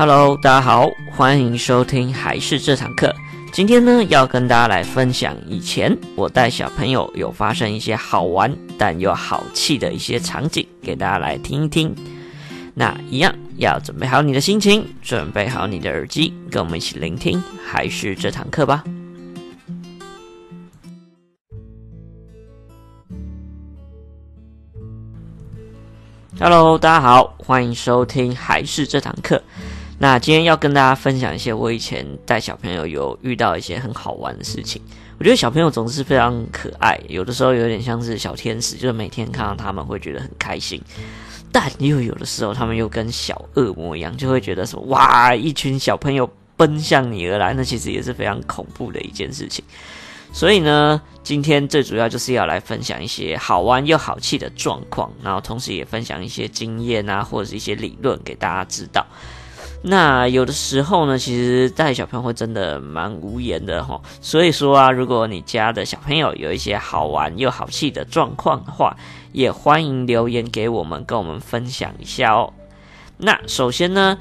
Hello，大家好，歡迎收聽孩事這堂課。今天呢，要跟大家來分享以前我帶小朋友有發生一些好玩但又好氣的一些場景，給大家來聽一聽。那一樣要準備好你的心情，準備好你的耳機，跟我們一起聆聽孩事這堂課吧。Hello，大家好，歡迎收聽孩事這堂課。那今天要跟大家分享一些我以前帶小朋友有遇到一些很好玩的事情。我覺得小朋友總是非常可愛，有的時候有點像是小天使，就是每天看到他們會覺得很開心。但又有的時候他們又跟小惡魔一樣，就會覺得什麼哇，一群小朋友奔向你而來，那其實也是非常恐怖的一件事情。所以呢，今天最主要就是要來分享一些好玩又好氣的狀況，然後同時也分享一些經驗啊，或者是一些理論給大家知道。那有的時候呢，其實帶小朋友會真的蠻無言的齁。所以說啊，如果你家的小朋友有一些好玩又好氣的狀況的話，也歡迎留言給我們，跟我們分享一下哦、喔。那首先呢。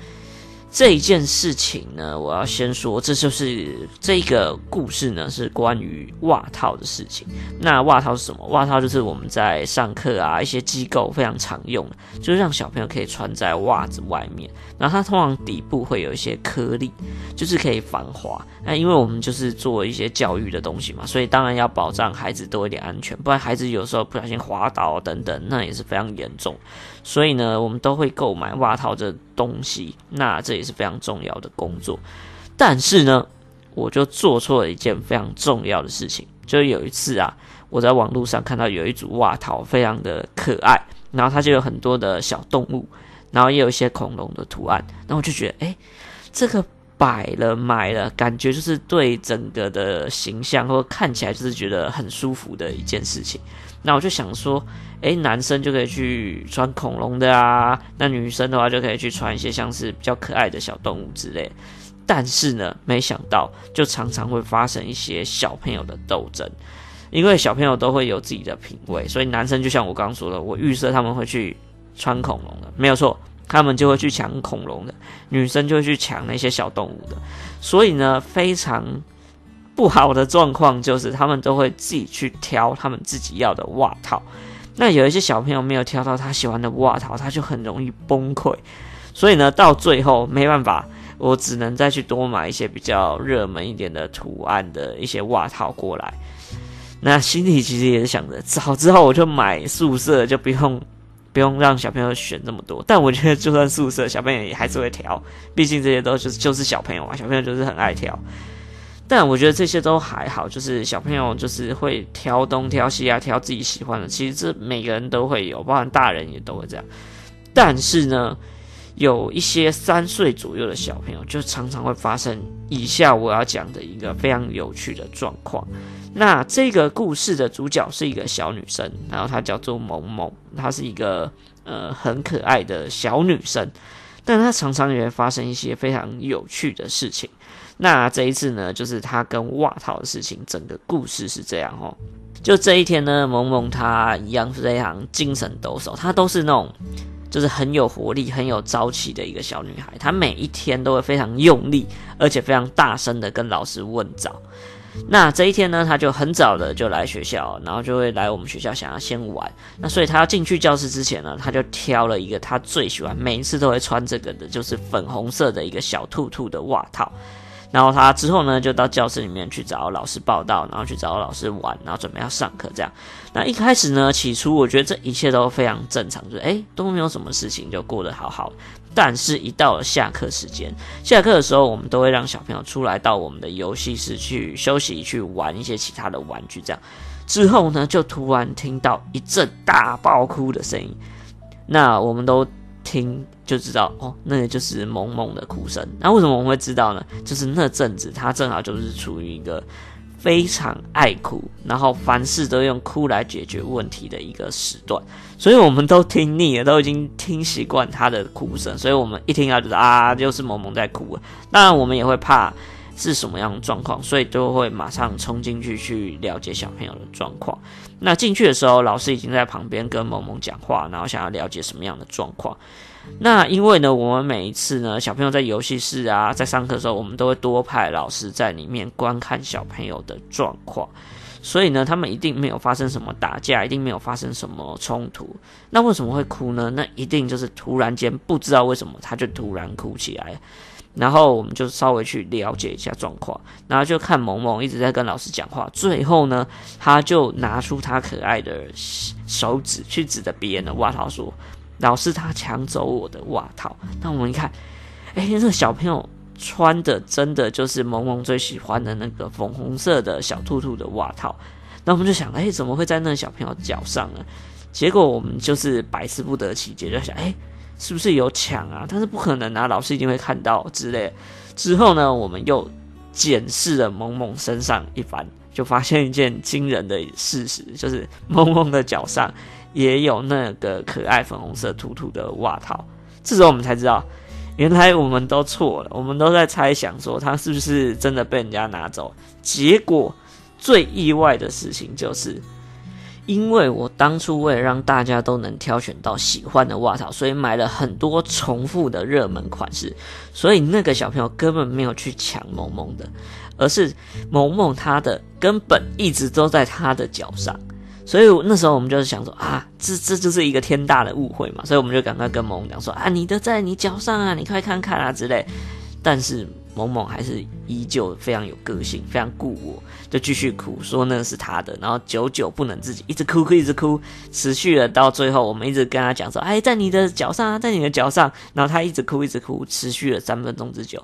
這一件事情呢，我要先說，這就是這個故事呢，是關於襪套的事情。那襪套是什麼？襪套就是我們在上課啊，一些機構非常常用，就是讓小朋友可以穿在襪子外面。然後它通常底部會有一些顆粒，就是可以防滑。那因為我們就是做一些教育的東西嘛，所以當然要保障孩子多一點安全，不然孩子有時候不小心滑倒等等，那也是非常嚴重。所以呢，我們都會購買襪套這東西，那這也是非常重要的工作，但是呢，我就做錯了一件非常重要的事情，就有一次啊，我在網絡上看到有一組襪套，非常的可愛，然後它就有很多的小動物，然後也有一些恐龍的圖案，那我就覺得，誒、欸，這個擺了買了，感覺就是對整個的形象或看起來就是覺得很舒服的一件事情，那我就想說。欸，男生就可以去穿恐龍的啊，那女生的話就可以去穿一些像是比較可愛的小動物之類。但是呢，沒想到就常常會發生一些小朋友的鬥爭，因為小朋友都會有自己的品味，所以男生就像我剛剛說的，我預設他們會去穿恐龍的，沒有錯，他們就會去搶恐龍的；女生就會去搶那些小動物的。所以呢，非常不好的狀況就是他們都會自己去挑他們自己要的襪套。那有一些小朋友沒有挑到他喜歡的襪套，他就很容易崩潰。所以呢，到最後沒辦法，我只能再去多買一些比較熱門一點的圖案的一些襪套過來。那心裡其實也是想着，早知道我就買素色，就不用不用讓小朋友選這麼多。但我覺得，就算素色，小朋友也還是會挑，畢竟這些都、就是就是小朋友嘛，小朋友就是很愛挑。但我覺得這些都還好，就是小朋友就是會挑東挑西啊，挑自己喜歡的。其實這每個人都會有，包含大人也都會這樣。但是呢，有一些三歲左右的小朋友，就常常會發生以下我要講的一個非常有趣的狀況。那這個故事的主角是一個小女生，然後她叫做萌萌，她是一個，呃，很可愛的小女生，但她常常也會發生一些非常有趣的事情。那這一次呢，就是她跟襪套的事情。整個故事是這樣哦，就這一天呢，萌萌她一樣是非常精神抖擻，她都是那種就是很有活力、很有朝氣的一個小女孩。她每一天都會非常用力，而且非常大聲的跟老師問早。那這一天呢，她就很早的就來學校，然後就會來我們學校想要先玩。那所以她要進去教室之前呢，她就挑了一個她最喜歡，每一次都會穿這個的，就是粉紅色的一個小兔兔的襪套。然後他之後呢，就到教室裡面去找老師報到，然後去找老師玩，然後準備要上課這樣。那一開始呢，起初我覺得這一切都非常正常，就是誒都沒有什麼事情，就過得好好。但是，一到了下課時間，下課的時候我們都會讓小朋友出來到我們的遊戲室去休息，去玩一些其他的玩具這樣。之後呢，就突然聽到一陣大爆哭的聲音，那我們都聽。就知道哦，那個就是萌萌的哭聲。那為什麼我們會知道呢？就是那陣子他正好就是處於一個非常愛哭，然後凡事都用哭來解決問題的一個時段，所以我們都聽膩了，都已經聽習慣他的哭聲，所以我們一聽到就是啊，就是萌萌在哭了。當然我們也會怕是什麼樣的狀況，所以都會馬上衝進去去了解小朋友的狀況。那進去的時候，老師已經在旁邊跟萌萌講話，然後想要了解什麼樣的狀況。那因為呢，我們每一次呢，小朋友在遊戲室啊，在上課的時候，我們都會多派老師在裡面觀看小朋友的狀況，所以呢，他們一定沒有發生什麼打架，一定沒有發生什麼衝突。那為什麼會哭呢？那一定就是突然間不知道為什麼他就突然哭起來，然後我們就稍微去了解一下狀況，然後就看萌萌一直在跟老師講話，最後呢，他就拿出他可愛的手指去指着別人的襪套說。老師，他搶走我的襪套，那我們一看，哎、欸，那個小朋友穿的真的就是萌萌最喜歡的那個粉紅色的小兔兔的襪套，那我們就想，哎、欸，怎麼會在那個小朋友腳上呢？結果我們就是百思不得其解，就想，哎、欸，是不是有搶啊？但是不可能啊，老師一定會看到之類的。之後呢，我們又檢視了萌萌身上一番，就發現一件驚人的事實，就是萌萌的腳上，也有那個可愛粉紅色兔兔的襪套，這時候我們才知道，原來我們都錯了。我們都在猜想說，他是不是真的被人家拿走？結果最意外的事情就是，因為我當初為了讓大家都能挑選到喜歡的襪套，所以買了很多重複的熱門款式，所以那個小朋友根本沒有去搶萌萌的，而是萌萌他的根本一直都在他的腳上。所以那時候我們就是想說啊，這這就是一個天大的誤會嘛，所以我們就趕快跟萌萌講說啊，你的在你腳上啊，你快看看啊之類。但是萌萌還是依舊非常有個性，非常顧我，就繼續哭說那是他的，然後久久不能自己一，一直哭哭一直哭，持續了。到最後，我們一直跟他講說，哎，在你的腳上啊，在你的腳上。然後他一直哭一直哭，持續了三分鐘之久。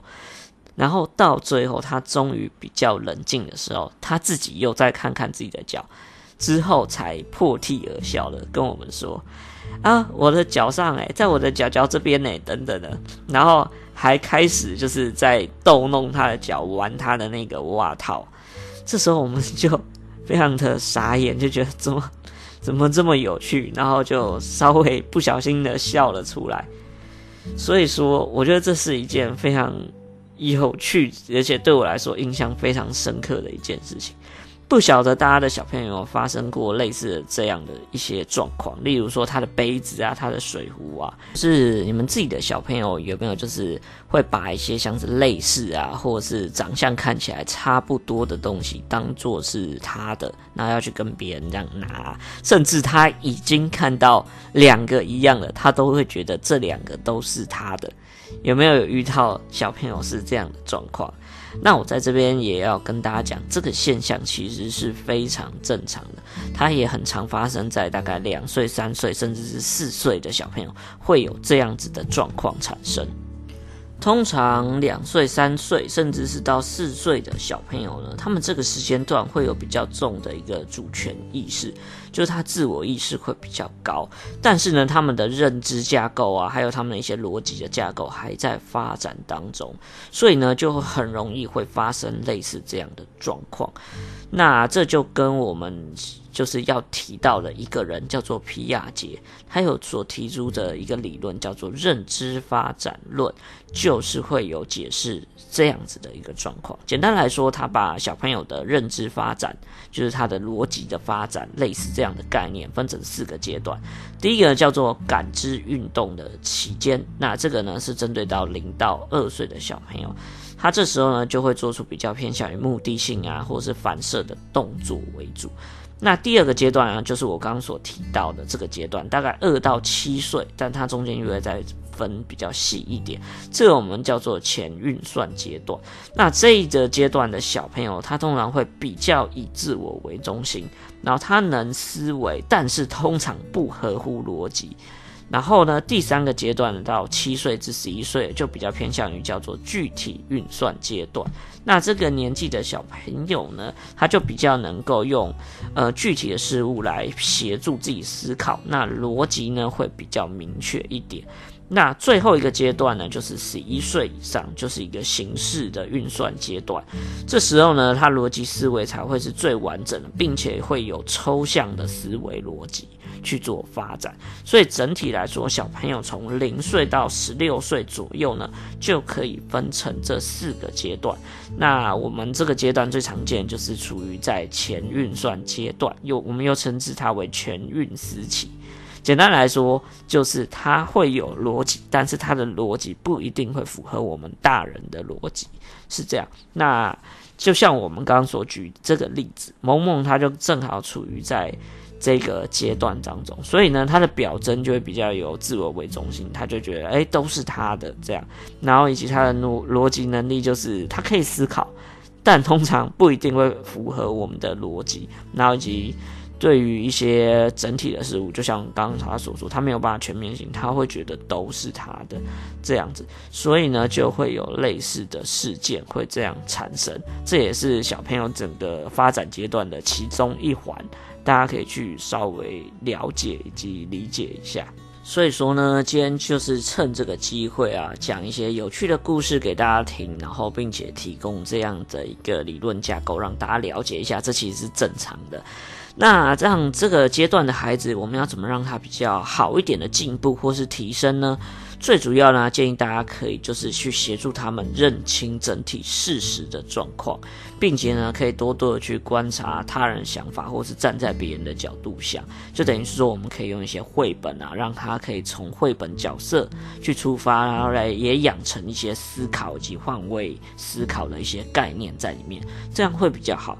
然後到最後他終於比較冷靜的時候，他自己又再看看自己的腳。之後才破涕而笑的跟我們說：“啊，我的腳上哎、欸，在我的腳腳這邊呢，等等的”，然後還開始就是在逗弄他的腳，玩他的那個襪套。這時候我們就非常的傻眼，就覺得怎麼怎麼這麼有趣，然後就稍微不小心的笑了出來。所以說，我覺得這是一件非常有趣，而且對我來說印象非常深刻的一件事情。不曉得大家的小朋友有發生過類似的這樣的一些狀況？例如說他的杯子啊、他的水壺啊，是你們自己的小朋友有沒有？就是會把一些像是類似啊，或者是長相看起來差不多的東西，當做是他的，那要去跟別人這樣拿，甚至他已經看到兩個一樣的，他都會覺得這兩個都是他的，有沒有有遇到小朋友是這樣的狀況？那我在這邊也要跟大家講，這個現象其實是非常正常的，它也很常發生在大概兩歲、三歲，甚至是四歲的小朋友，會有這樣子的狀況產生。通常兩歲、三歲，甚至是到四歲的小朋友呢，他們這個時間段會有比較重的一個主權意識，就是他自我意識會比較高，但是呢，他們的認知架構啊，還有他們的一些邏輯的架構還在發展當中，所以呢，就很容易會發生類似這樣的狀況。那這就跟我們。就是要提到的一個人叫做皮亞傑，他有所提出的一個理論叫做認知發展論，就是會有解釋這樣子的一個狀況。簡單來說，他把小朋友的認知發展，就是他的邏輯的發展，類似這樣的概念，分成四個階段。第一個叫做感知運動的期間，那這個呢是針對到零到二歲的小朋友，他這時候呢就會做出比較偏向於目的性啊，或是反射的動作為主。那第二個階段呢、啊、就是我剛剛所提到的這個階段，大概二到七歲，但他中間又會再分比較細一點，這個、我們叫做前運算階段。那這一個階段的小朋友，他通常會比較以自我為中心，然後他能思維，但是通常不合乎邏輯。然後呢，第三個階段到七歲至十一歲，就比較偏向於叫做具體運算階段。那這個年紀的小朋友呢，他就比較能夠用，呃，具體的事物來協助自己思考，那邏輯呢，會比較明確一點。那最後一個階段呢，就是十一歲以上，就是一個形式的運算階段。這時候呢，他邏輯思維才會是最完整的，並且會有抽象的思維邏輯去做發展。所以整體來說，小朋友從零歲到十六歲左右呢，就可以分成這四個階段。那我們這個階段最常見就是處於在前運算階段，又我們又稱之它為前運思期。簡單來說，就是他會有邏輯，但是他的邏輯不一定會符合我們大人的邏輯，是這樣。那就像我們剛剛所舉這個例子，萌萌他就正好處於在這個階段當中，所以呢，他的表徵就會比較由自我為中心，他就覺得誒、欸，都是他的這樣，然後以及他的邏邏輯能力就是他可以思考，但通常不一定會符合我們的邏輯，然後以及。對於一些整體的事物，就像剛才他所說，他沒有辦法全面性，他會覺得都是他的這樣子，所以呢，就會有類似的事件會這樣產生。這也是小朋友整個發展階段的其中一環，大家可以去稍微了解以及理解一下。所以說呢，今天就是趁這個機會啊，講一些有趣的故事給大家聽，然後並且提供這樣的一個理論架構，讓大家了解一下，這其實是正常的。那這樣，這個階段的孩子，我們要怎麼讓他比較好一點的進步或是提升呢？最主要呢，建議大家可以就是去協助他們認清整體事實的狀況，並且呢，可以多多的去觀察他人想法，或是站在別人的角度想，就等於是說，我們可以用一些繪本啊，讓他可以從繪本角色去出發，然後來也養成一些思考以及換位思考的一些概念在裡面，這樣會比較好。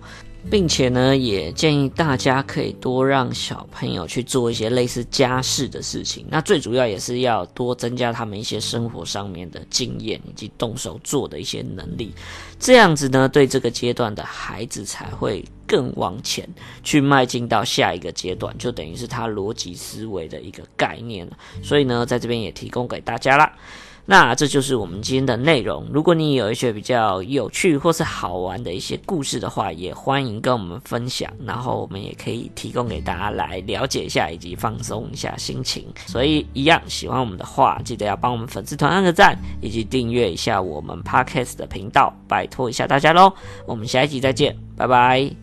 並且呢，也建議大家可以多讓小朋友去做一些類似家事的事情。那最主要也是要多增加他們一些生活上面的經驗以及動手做的一些能力。這樣子呢，對這個階段的孩子才會更往前去邁進到下一個階段，就等於是他邏輯思維的一個概念了。所以呢，在這邊也提供給大家啦。那這就是我們今天的內容。如果你有一些比較有趣或是好玩的一些故事的話，也歡迎跟我們分享，然後我們也可以提供給大家來了解一下以及放鬆一下心情。所以，一樣喜歡我們的話，記得要幫我們粉絲團按個讚，以及訂閱一下我們 Podcast 的頻道，拜託一下大家嘍。我們下一集再見，拜拜。